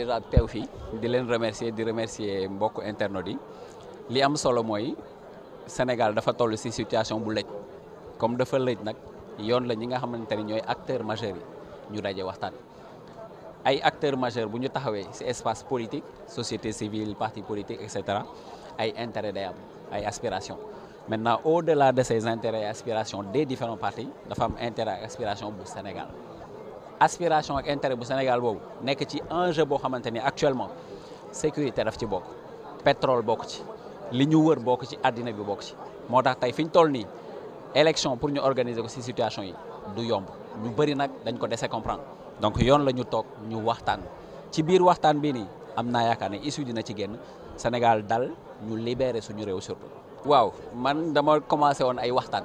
Je teew di leen remercier di remercier internautes yi li am Sénégal dafa toll ci situation bu lëj comme dafa lëj nag yoon la ñi nga xamante ni ñooy acteurs majeurs yi ñu daje waxtaan ay acteurs majeurs bu ñu taxawee ci espace politique société civile parti politique etc. cetera ay intérêt day ay aspirations maintenant au-delà de ces intérêts et aspirations des différents partis dafa am intérêt ak aspirations bu Sénégal aspiration ak intérêt bu Sénégal boobu nekk ci enjeu boo xamante ni actuellement sécurité daf ci bokk pétrole bokk ci li ñu wër bokk ci àddina bi bokk ci moo tax tey fi ñu toll nii élection pour ñu organiser ko si situation yi du yomb ñu bëri nag dañ ko dese comprendre donc yoon la ñu toog ñu waxtaan ci biir waxtaan bi nii am naa yaakaar ne issue dina ci génn Sénégal dal ñu libérer suñu réew surtout waaw man dama commencé woon ay waxtaan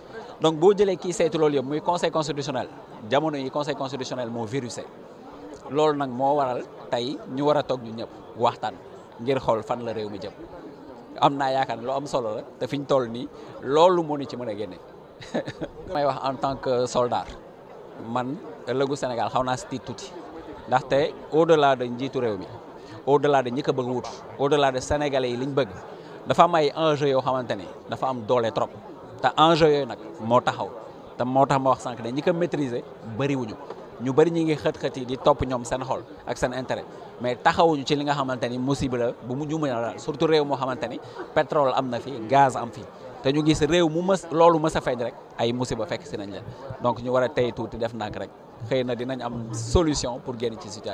donc si vous conseil constitutionnel le conseil constitutionnel virus. virusé C'est ce nous waral tey nous war a ñu ngir xol fan la rew mi jëm am naa am solo la en tant que soldat man ëllëgu Sénégal xaw naa si au delà de njiitu réew mi au delà de ñi ko bëgg wut au delà de sénégalais yi liñ bëgg dafa am ay jeu, yoo xamante dafa am doole trop. te enjeu yooyu nag moo taxaw te moo tax ma wax sànq ne ñi ko maîtriser bëriwuñu ñu bëri ñi ngi xët-xët yi di topp ñoom seen xol ak seen intérêt mais taxawuñu ci li nga xamante ni musiba la bu mu juma la surtout réew moo xamante ni pétrole am na fi gaz am fii te ñu gis réew mu mës loolu mës a feeñ rek ay musiba fekk si nañ la donc ñu war a tey tuuti def nak rek xëy na dinañ am solution pour génn ci situation